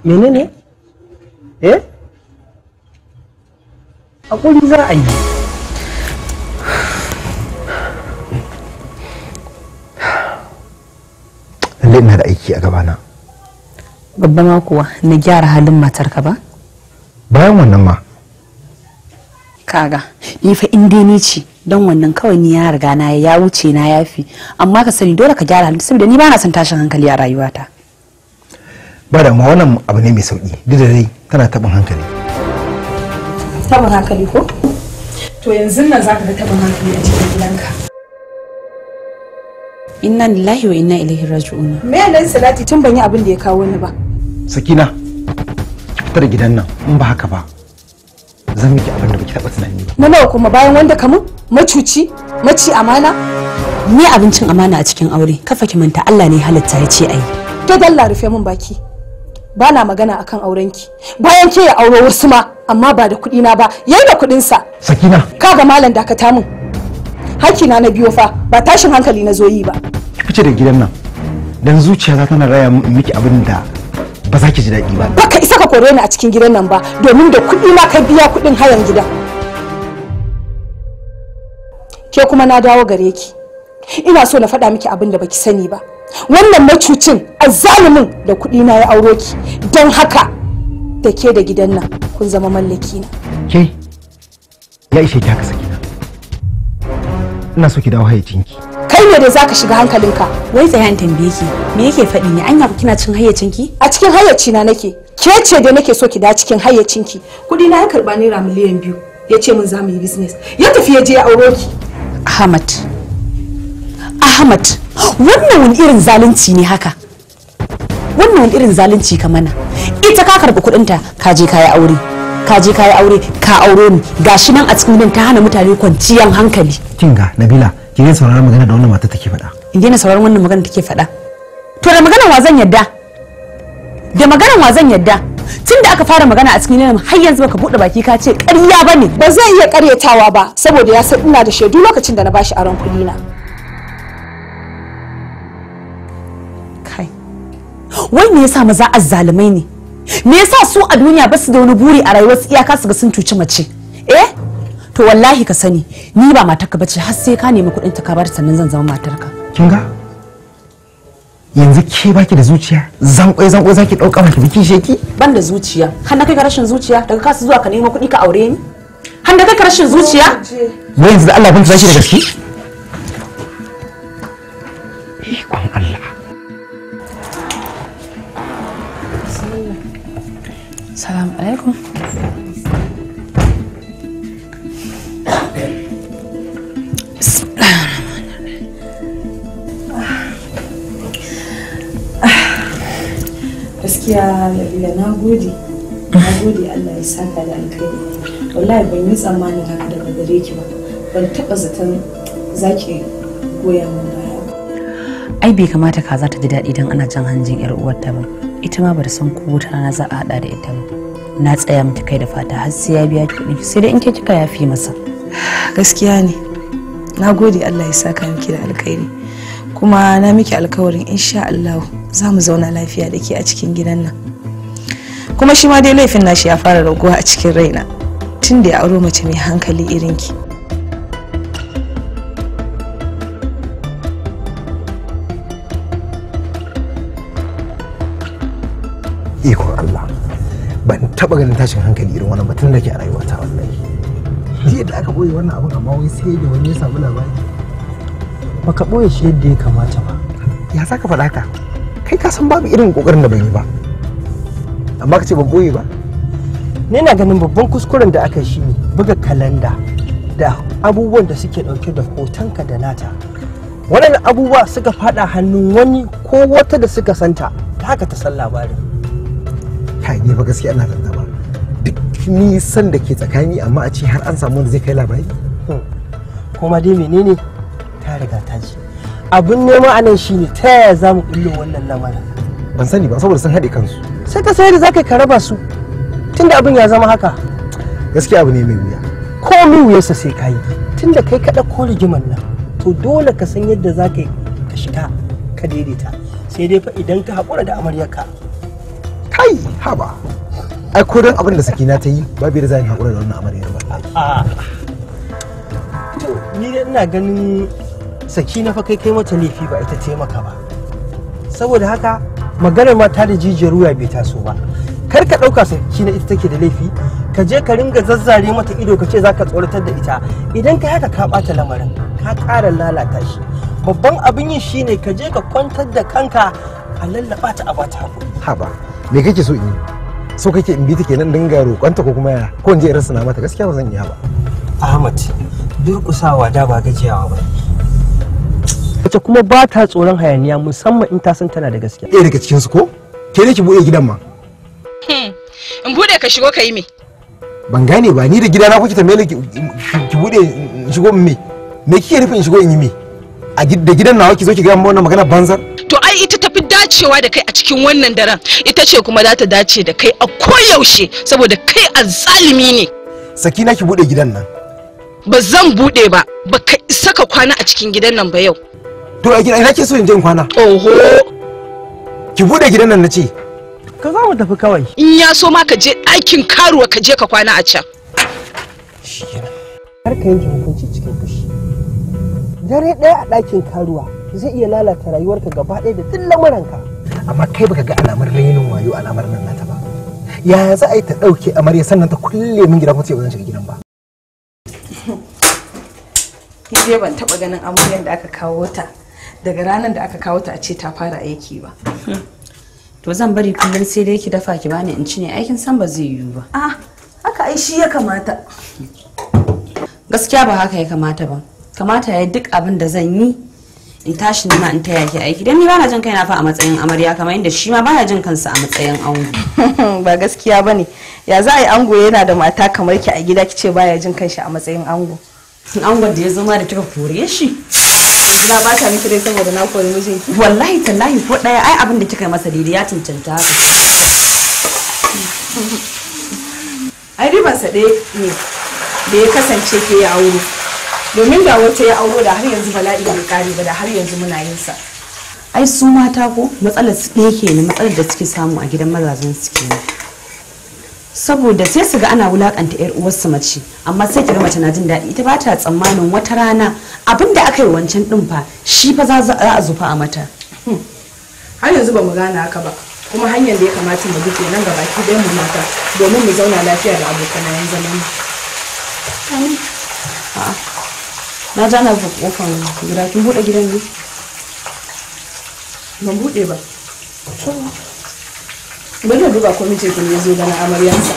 menene eh hakuri za a yi lalle ina da aiki a gabana babba ma kuwa na gyara halin matarka ba bayan wannan ma kaga ni fa inda ni ce don wannan kawai ni ya riga na ya wuce na yafi amma ka sani dole ka gyara halin saboda ni ba na son tashin hankali a rayuwata ba da ma wannan abu ne mai sauki duk da dai tana tabin hankali tabin hankali ko to yanzu nan ka ga tabin hankali a cikin gidanka inna lillahi wa inna ilaihi raji'un me nan salati tun ban yi abin da ya kawo ni ba sakina fitar da gidan nan in ba haka ba zan miki abin da baki taba tunani ba na nawa kuma bayan wanda kamun macuci maci amana ni abincin amana a cikin aure kafa ki manta Allah ne halitta ya ce ayi to dalla rufe mun baki ba na magana akan aurenki bayan ke ya auro wasu ma amma ba da kuɗina ba yayi da kuɗinsa sakina ka ga malam dakata min hakina na biyo fa ba tashin hankali na zo yi ba ki fice da gidan nan dan zuciya za tana raya miki abin da ba za ki ji daɗi ba Ba ka isa ka kore ni a cikin gidan nan ba domin da kudi ma ka biya kuɗin hayan gidan ke kuma na dawo gare ki ina so na faɗa miki abin da baki sani ba wannan macucin azzalumin da kuɗi na ya auro ki don haka da ke da gidan nan kun zama mallaki na ke ya ishe ki haka sakina ina so ki dawo hayyacinki kai ne da zaka shiga hankalinka wai tsaya in tambaye ki me yake faɗi ne anya ku kina cin hayyacinki a cikin hayyacina nake ke ce da nake so ki da cikin hayyacin ki kuɗi na ya karɓa naira miliyan biyu ya ce min za mu yi business ya tafi ya je ya auro ki Ahmad Ahmad wannan wani irin zalunci ne haka wannan wani irin zalunci ka mana ita ka karɓi ta ka je ka yi aure ka je ka yi aure ka aure ni gashi nan a cikin ta hana mutane kwanciyan hankali kinga Nabila ki ga sauraron magana da wannan mata take faɗa in daina sauraron wannan magana take faɗa to da magana wa zan yadda da magana wa zan yadda tun da aka fara magana a cikin nan har yanzu baka bude baki ka ce ƙarya bane ba zai iya ƙaryatawa ba saboda ya san ina da shaidu lokacin da na bashi aron kuɗi na wai me yasa maza azzalumai ne me yasa su a duniya basu da wani buri a rayuwar su iyaka su ga sun cuci mace eh to wallahi ka sani ni ba matarka bace har sai ka nemi kuɗin ta ka bar sannan zan zama matarka kin ga yanzu ke baki da zuciya zan zankwai zaki dauka maki biki sheki ban da zuciya har na kai ka rashin zuciya daga kasu zuwa ka nemi kuɗi ka aure ni har na kai ka rashin zuciya wai yanzu da Allah bin zaki da gaske eh kun Allah Assalamu alaikum. gaskiya labila na gode na gode allah ya saka da alkhairi wallahi ban yi tsammani haka daga gare ki ba ban taba zaton zaki goya min baya ai bai kamata kaza ta ji daɗi don ana jan hanjin yar uwarta ba ita ma bata san ko wata rana za a hada da ita ba na tsaya mata kai da fata har sai ya biya kuɗin sai dai in ke kika yafi masa gaskiya ne na gode Allah ya saka miki da alkhairi kuma na miki alkawarin insha Allah za mu zauna lafiya da ke a cikin gidan nan kuma shi ma dai laifin nashi ya fara raguwa a cikin raina tun da ya auro mace mai hankali irinki ikon Allah ban taba ganin tashin hankali irin wannan batun da ke a rayuwata wallahi jiya da aka boye wannan abun amma wai sai da wani ya samu labari baka boye shi yadda ya kamata ba ya saka faɗa ka kai ka san babu irin kokarin da ban yi ba amma ka ce ban boye ba ni na ganin babban kuskuren da aka shi ne buga kalanda da abubuwan da suke ɗauke da hotonka da nata wannan abubuwa suka faɗa hannun wani ko wata da suka santa ta haka ta san labarin kai ba gaskiya ina ba duk nisan da ke tsakani amma a ce har an samu wanda zai kai labari hmm. kuma dai menene ta riga ta ji abin nema a nan shine ta yaya za mu kullo wannan lamarin ban sani ba saboda sun haɗe kansu sai ka sai da za ka raba su tunda abin ya zama haka gaskiya abu ne mai wuya ko mai wuyarsa sai ka yi tunda kai ka ɗauko rigimar nan to dole ka san yadda za ka yi ka shiga ka daidaita sai dai fa idan ka haƙura da amaryarka ai haba ai ko don abin da sakina ta yi ba bi da zai haƙura da wannan amaryar to ni dai ina ganin sakina fa kai kai mata laifi ba ita taimaka ba saboda haka maganar mata da jijiyar wuya bai taso ba kar ka ɗauka sakina ita take da laifi ka je ka ringa zazzare mata ido ka ce za ka tsoratar da ita idan ka haka ka bata lamarin ka kara lalata shi babban abin yin shine ka je ka kwantar da kanka a lallaba ta a bata haba me kake so in yi so kake in bi ta kenan dinga roƙonta ko kuma ya ko in je rasa rasana mata gaskiya ba zan iya ba Ahmad durƙusawa da ba gajiyawa ba wace kuma ba ta tsoron hayaniya musamman in ta san tana da gaskiya ɗaya daga cikin su ko ke ne ki buɗe gidan ma hmm, in buɗe ka shigo ka yi me ban gane ba ni da gidana kuke mele ki buɗe in shigo me me kike nufin in shigo in yi me a da gidan nawa ki zo ki ga wannan magana banzar to ai ita ta dacewa da kai a cikin wannan daren ita ce kuma za ta dace da kai a koyaushe saboda kai azzalimi ne sakina ki bude gidan nan ba zan bude ba ba ka isa ka kwana a cikin gidan nan ba yau to a gidan ina so in je in kwana oho ki bude gidan nan nace ka za mu tafi kawai in ya so ma ka je ɗakin karuwa ka je ka kwana a can har ka yanke hukunci cikin fushi dare ɗaya a ɗakin karuwa zai iya lalata rayuwarka gaba ɗaya da duk lamuranka amma kai baka ga alamar rainin wayo alamar nan nata ba ya za a yi ta ɗauke amarya sannan ta kulle min gida kuma ce ba zan shiga gidan ba ni dai ban taɓa ganin amaryar da aka kawo ta daga ranar da aka kawo ta a ce ta fara aiki ba to zan bari kullum sai dai ki dafa ki bani in ci ne aikin san ba zai yiwu ba a ah, haka ai shi ya kamata gaskiya ba haka ya kamata ba kamata ya duk abin da zan yi in tashi ma in taya ki aiki dan ni bana jin kaina fa a matsayin amarya kamar inda shi ma bana jin kansa a matsayin ango *laughs* ba gaskiya bane ya za a yi ango yana da mata kamar ki a gida kice baya jin kanshi a matsayin ango angon da ya zama da kika kore shi na ba ta miki dai saboda na kore mijinki wallahi tallahi ko daya ai abin da kika masa daidai ya cancanta haka ai sa dai ne da ya kasance ke ya aure domin da wata ya auro da har yanzu bala'i bai kare ba da har yanzu muna yin sa ai su mata ko matsalar su ɗaya ke ne matsalar da suke samu a gidan mazajen su ke saboda sai su ga ana wulakanta yar uwarsu mace amma sai kiga mace na jin daɗi ita ba ta tsammanin wata rana abin da aka yi wancan ɗin fa shi fa za a zufa a mata hmm. har yanzu ba mu gane haka ba kuma hanyar da ya kamata mu bi nan gaba ki dai mu mata domin mu zauna lafiya da abokan zaman mu na ji ana buɗe ƙofar gida kin bude gidan ne ban bude ba bari na duba ko mijin kin zo na amaryansa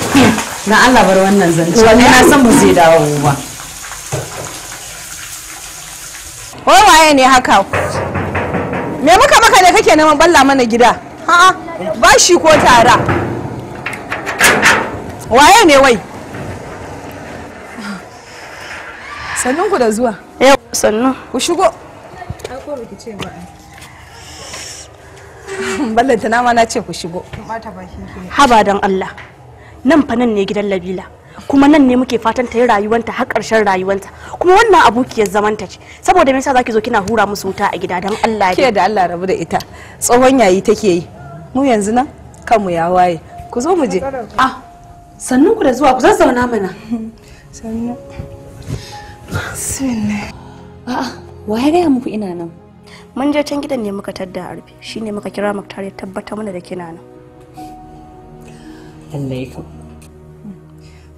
na Allah bar wannan zance wani na san mu zai dawo ba wai waye ne haka me muka maka ne kake neman balla mana gida ha ba shi ko tara waye ne wai ku da zuwa sannu ku shigo ai ko ce ba *laughs* ballanta na ma na ce ku shigo haba dan Allah nan fa nan ne gidan Labila kuma nan ne muke fatan ta yi rayuwanta har ƙarshen rayuwanta kuma wannan abokiyar ta ce saboda me yasa zaki zo kina hura musu wuta a gida dan Allah ke da Allah rabu da ita tsohon yayi take yi mu yanzu nan kanmu ya waye ku zo mu je ah sannun ku da zuwa ku zazzauna mana *laughs* sannu bismillah A'a, wa ya gaya muku ina nan? Mun je can gidan ne muka tadda a rufe, shi ne muka kira Muktar ya tabbata mana da kina nan. Lallai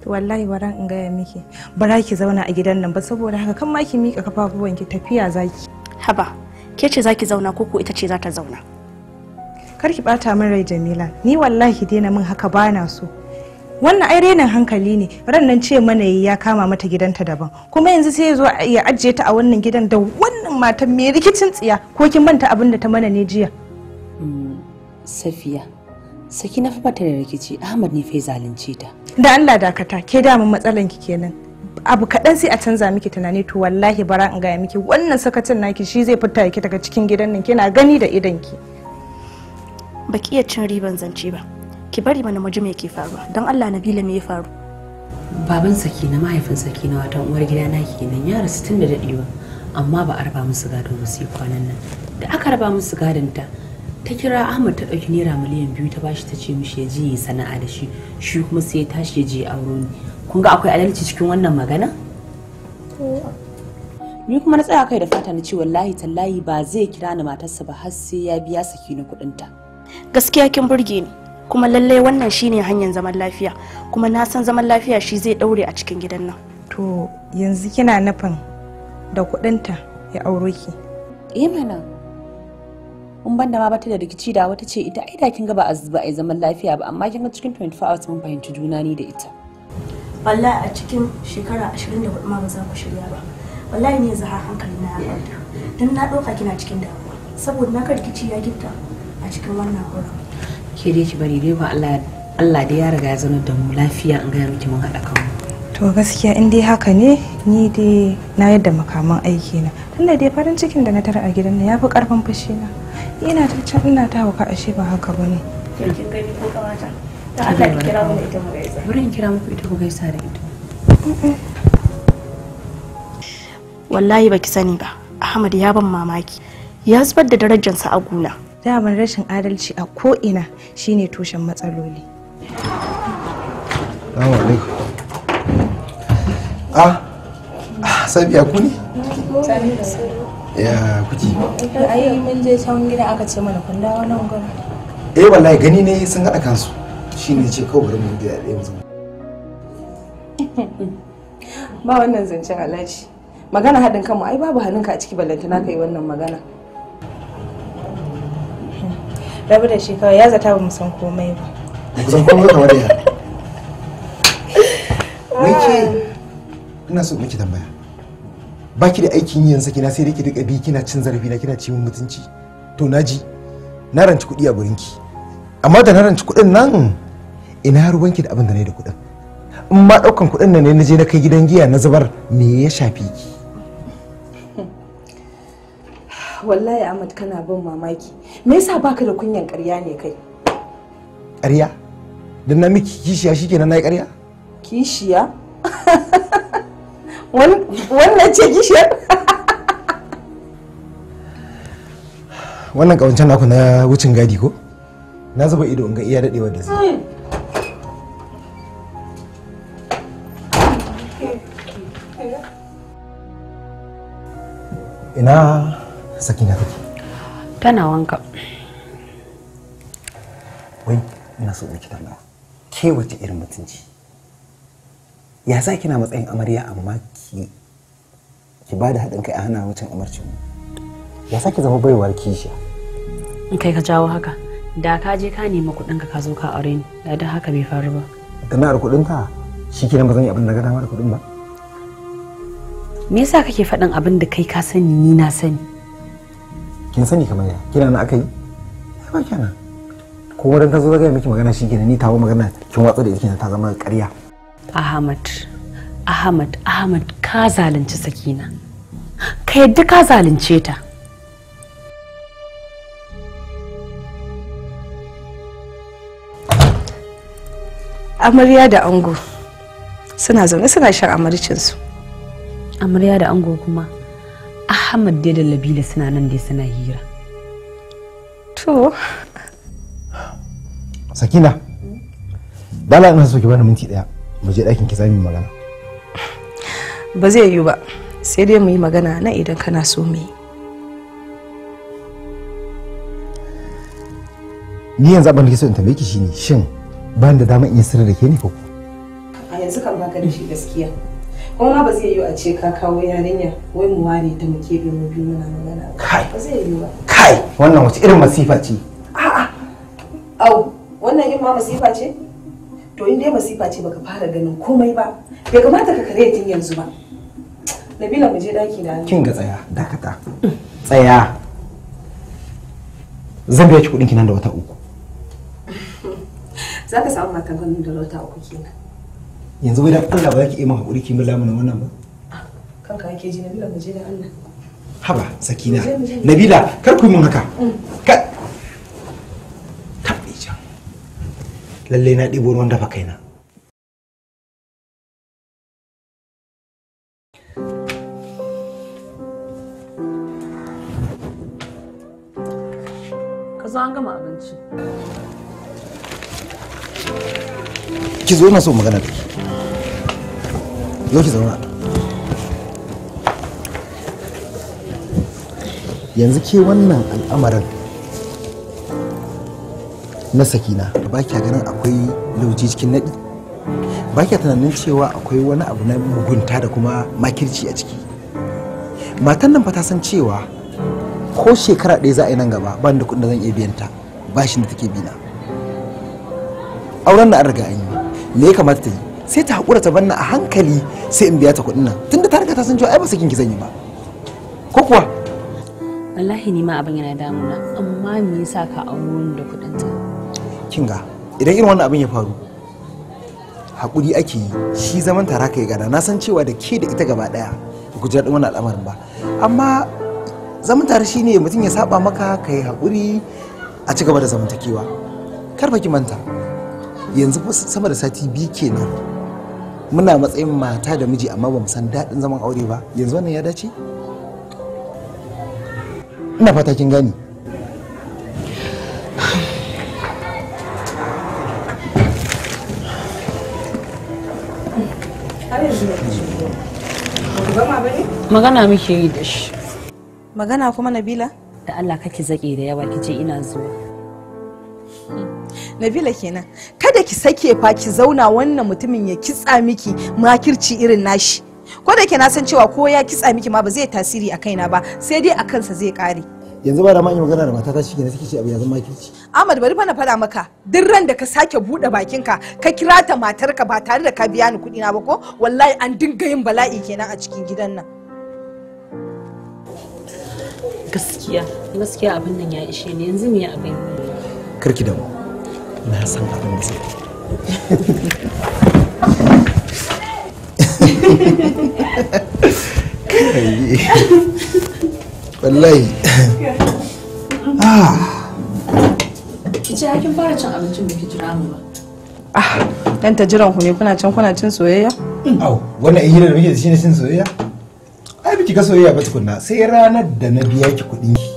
To wallahi in gaya miki, bara ki zauna a gidan nan ba saboda haka kan ma ki mika kafafuwan ki tafiya zaki. Haba, ke ce zaki zauna ko ko ita ce za ta zauna? Kar ki bata min rai Jamila, ni wallahi daina min haka bana so. wannan ai renin hankali ne ran nan ce mana ya kama mata gidanta daban kuma yanzu sai ya zo ya ajiye ta a wannan gidan da wannan matan mai rikicin tsiya ko kin manta abin da ta mana ne jiya safiya saki na fata da rikici ahmad ne fai zalunce ta da allah dakata ke dama matsalan ki kenan abu kaɗan sai a canza miki tunani to wallahi bara in gaya miki wannan sakacin naki shi zai fita ki daga cikin gidan nan kina gani da idan ki baki iya cin riban zance ba ki bari mana mu ji me ke faruwa don Allah Nabila me ya faru baban saki na mahaifin saki na watan uwar gida na kenan ya rasu tun da dadewa amma ba a raba musu gado ba sai kwanan nan da aka raba musu gadon ta ta kira Ahmad ta ɗauki naira miliyan biyu ta bashi ta ce mishi ya je sana'a da shi shi kuma sai ya tashi ya je aure ni kun ga akwai adalci cikin wannan magana ni kuma na tsaya kai da fata na ce wallahi tallahi ba zai kira ni matarsa ba har sai ya biya saki na kudin ta. gaskiya kin burge ni kuma lalle wannan shine hanyar zaman lafiya kuma na san zaman lafiya shi zai daure a cikin gidan nan to yanzu kina nufin da kudinta ya auro ki eh mana in banda ma bata da rikici da wata ce ita ai da kin ga ba a yi zaman lafiya ba amma kin ga cikin 24 hours mun fahimci juna ni da ita wallahi a cikin shekara 24 ma ba za ku shirya ba wallahi ne yanzu har hankali na ya kwanta dan na doka kina cikin damuwa saboda na karkici ya gitta a cikin wannan wurin ke dai ki bari dai ba Allah da ya riga ya zanar da mu lafiya in ga miki mun haɗa kanmu to gaskiya in dai haka ne ni dai na yadda makaman aiki na tunda dai farin cikin da na tara a gidan ya fi karfin fushi na ina ta can ina ta hauka ashe ba haka bane kin gani ko kawata ta Allah ki kira mu ita mu gaisa wurin kira muku ita ku gaisa da ita wallahi baki sani ba Ahmad ya ban mamaki ya zubar da darajarsa a gona daman rashin adalci a ko'ina shine tushen matsaloli ah, ah sabiya ku ne ya kuke ai mun je can gida aka ce mana kun dawo nan gurin eh wallahi gani ne sun haɗa kansu shi ne ce kawai bari mu gida ɗaya mu zama *laughs* ba wannan zancen alhaji magana haɗin kanmu ai babu hannunka a ciki ballantana ka yi wannan magana rabu da shi kawai ya zata ba musan san komai ba musan san komai kamar ya *laughs* wai ah. ina so miki tambaya baki da aikin yin yanzu kina sai dai ki duka bi kina cin zarafi na kina ci mutunci to naji na ranci kuɗi a gurin ki amma da na ranci kuɗin nan ina ruwanki da abin da na yi da kuɗin in ma ɗaukan kuɗin nan ne na je na kai gidan giya na zubar me ya shafi ki wallahi ahmad kana bin mamaki me yasa baka da kunyan ƙarya ne kai ƙarya dan na miki kishiya shikenan nayi ƙarya kishiya *laughs* wannan ce kishiyar *laughs* wannan kawancen naku na wucin gadi ko na zuba ido in ga iya dadewar da zai hmm. ina sakina take tana wanka wai ina so miki tana ke wace irin mutunci ya sa kina matsayin amarya amma ki ki ba da haɗin kai a hana wucin amarci mu ya sa ki zama baiwar kishiya in kai ka jawo haka da ka je ka nemi kuɗin ka zo ka aure ni da dan haka bai faru ba da na da kuɗin ka shi kenan ba zan yi abin da ga dama da kuɗin ba me yasa kake faɗin abin da kai ka sani ni na sani kin sani kamar ya kina na aka yi ba kenan ko wurin ta zo zaga miki magana shi kenan ni tawo magana kin watsa da kina ta zama ƙarya Ahmad Ahmad Ahmad ka zalunci sakina ka yadda ka zalunce ta amarya da ango suna zaune suna shan amarcinsu amarya da ango kuma Muhammad dai da labila suna nan dai suna hira to sakina dala ina so ki bani minti daya mu je ɗakin ki za mu magana ba zai yiwu ba sai dai mu yi magana nan idan kana so mu yi ni yanzu abin da ke so in tambaye ki shine shin ban da dama in yi sirri da ke ne ko a yanzu kan baka da shi gaskiya Kuma ba zai yiwu a ce ka kawo yarinya wai mu ware ta muke bi mu biyu muna magana. Kai. Ba zai yiwu ba. Kai wannan wace irin masifa ce? A'a. Au wannan yin ma masifa ce? To in dai masifa ce baka fara ganin komai ba. Bai kamata ka kare tun yanzu ba. Nabila mu je daki da Kin ga tsaya, dakata. Tsaya. Zan biya ki kudin kinan nan da wata uku. *laughs* Za ka samu matan da wata uku kenan. yanzu wai dan Allah ba za ki iya maka haƙuri ki min wannan ba kanka yake ji Nabila mu je da Allah haba sakina Nabila kar ku yi min haka mm. lallai na ɗibo ruwan dafa kaina ka an gama abinci ki zo na so magana da ke zo ki yanzu ke wannan al'amarin na sakina ba kya ganin akwai lauji cikin naɗi ba kya tunanin cewa akwai wani abu na mugunta da kuma makirci a ciki matan nan fa ta san cewa ko shekara ɗaya za a yi nan gaba ban da kuɗin da zan iya biyan ta bashin da take bina auren da an riga an yi me ya kamata ta yi sai ta hakura ta banna a hankali sai in biya ta kuɗin nan tunda ta riga ta san cewa ai ba sakin ki zan yi ba ko kuwa wallahi ni ma abin yana damuna amma me yasa ka auro da kuɗin ta kin ga idan irin wannan abin ya faru haƙuri ake yi shi zaman tara ka gada na san cewa da ke da ita gaba daya ku ji daɗin wannan al'amarin ba amma zaman tare shi ne mutum ya saba maka ka yi haƙuri a ci gaba da zamantakewa kar ki manta yanzu sama da sati biyu kenan muna matsayin mata da miji amma ba mu san daɗin zaman aure ba yanzu wannan ya dace ina fata kin gani magana muke yi da shi magana kuma nabila da allah kake zaƙe da yawa kice ina zuwa hmm. Nabila kenan kada ki sake fa ki zauna wannan mutumin ya kitsa miki makirci irin nashi ko da ke na san cewa ko ya kitsa miki ma ba zai tasiri a kaina ba sai dai a kansa zai kare yanzu ba da ma magana da matata shi ne suke ce abu ya zama kirci Ahmad bari fa na faɗa maka duk ran da ka sake buɗe bakinka ka kira ta matarka ba tare da ka biya ni kuɗi na ba ko wallahi an dinga yin bala'i kenan a cikin gidan nan gaskiya gaskiya abin nan ya ishe ni yanzu me abin karki da mu na san abin da zai kai wallahi ah. fara cin abincin da jira mu ba. Ah, ta jiran ku ne kuna can kuna cin soyayya? Au, wannan ihira da muke shi ne cin soyayya? Ai biki ga soyayya ba tukunna, sai ranar da na biya ki kuɗi ki.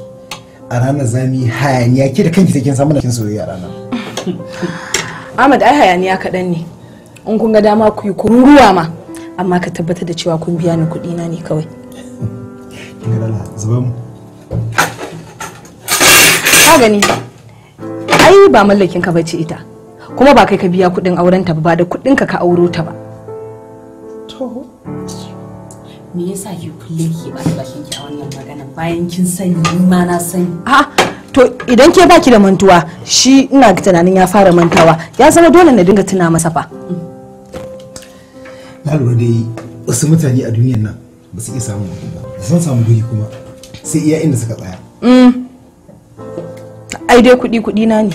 A ranar zami hayaniya ki da kanki sai kin san muna cin soyayya ranar. Ahmad ai hayaniya kaɗan ne. In kun ga dama ku yi kururuwa ma amma ka tabbatar da cewa kun biya ni kuɗi na ne kawai. Ka gani. Ai ba mallakin ka bace ita. Kuma ba kai ka biya kuɗin auren ta ba da kuɗin ka ka auro ta ba. To. Me yasa ki kulle ki ba da bakin ki a wannan magana bayan kin sani ni ma na sani. A'a to idan ke baki da mantuwa shi ina tunanin ya fara mantawa ya zama dole na dinga tuna masa fa na lura dai wasu mutane a duniyar nan ba su iya samun mutum ba san samu guri kuma sai iya inda suka tsaya mm. ai dai kuɗi kuɗi na ne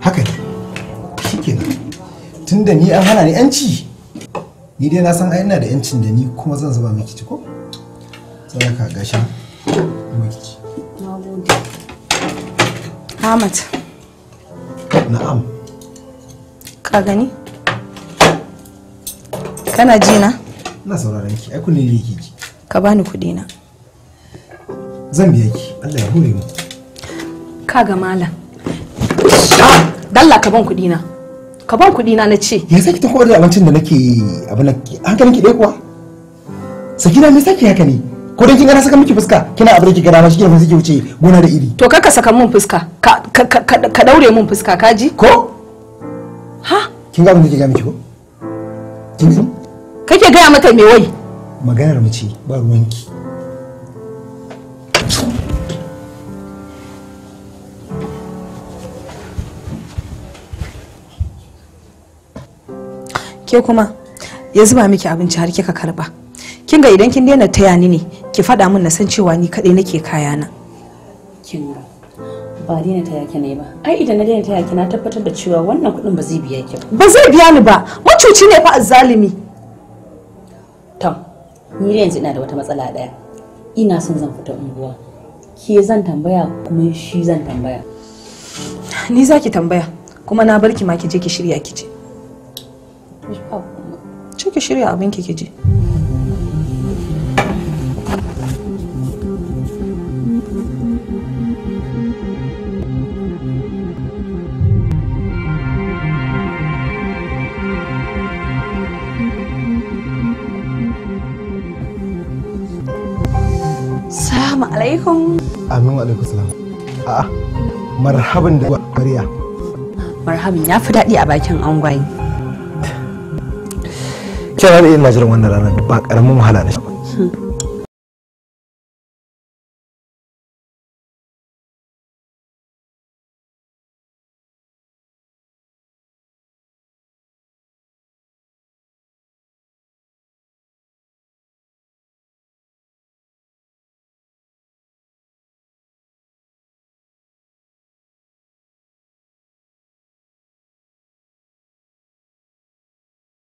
haka ne shi tun tunda ni an hana ni yanci ni dai na san ai ina da yancin da ni kuma zan zuba miki ciko sai ka gashi kuma Ahmad. Na'am. Ka gani? Kana ji na? Ina sauraron ki. Ai kunne ne ki. Ka bani kuɗi na. Zan biya ki. Allah ya hore mu. Ka ga malam. Dalla ka ban kuɗi na. Ka ban kuɗi na na ce. Ya saki ta koyar da abincin da nake abin nan. Hankalin ki ɗaya kuwa? Sakina me saki haka ne? ko dai kin ga saka miki fuska kina abin da gada shi kenan sai ki wuce gona da iri to kaka saka mun fuska ka ka daure mun fuska kaji. ko ha kin ga abin da kika miki ko kin ga kake ga mata me wai maganar mace ba ruwanki ke kuma ya zuba miki abinci har kika karba kin ga idan kin daina taya ni ne ki faɗa min na san cewa ni kaɗai nake kayana. Kin ga ba daina taya ki ne ba. Ai idan na daina taya ki na tabbatar da cewa wannan kuɗin ba zai biya ki ba. Ba zai biya ni ba. Macuci ne fa azzalimi. Tom, ni da yanzu ina da wata matsala ɗaya. Ina son zan fita unguwa. Ke zan tambaya kuma shi zan tambaya. Ni za ki tambaya kuma na bar ki ma ki je ki shirya ki je. ki shirya abin ki ki je. alaikum. Amin wa alaikum salam. A'a, marhaban da Mariya. Marhaban ya fi daɗi a bakin angwaye. Kira da yin majalar wannan ranar ba ƙaramin wahala na shi.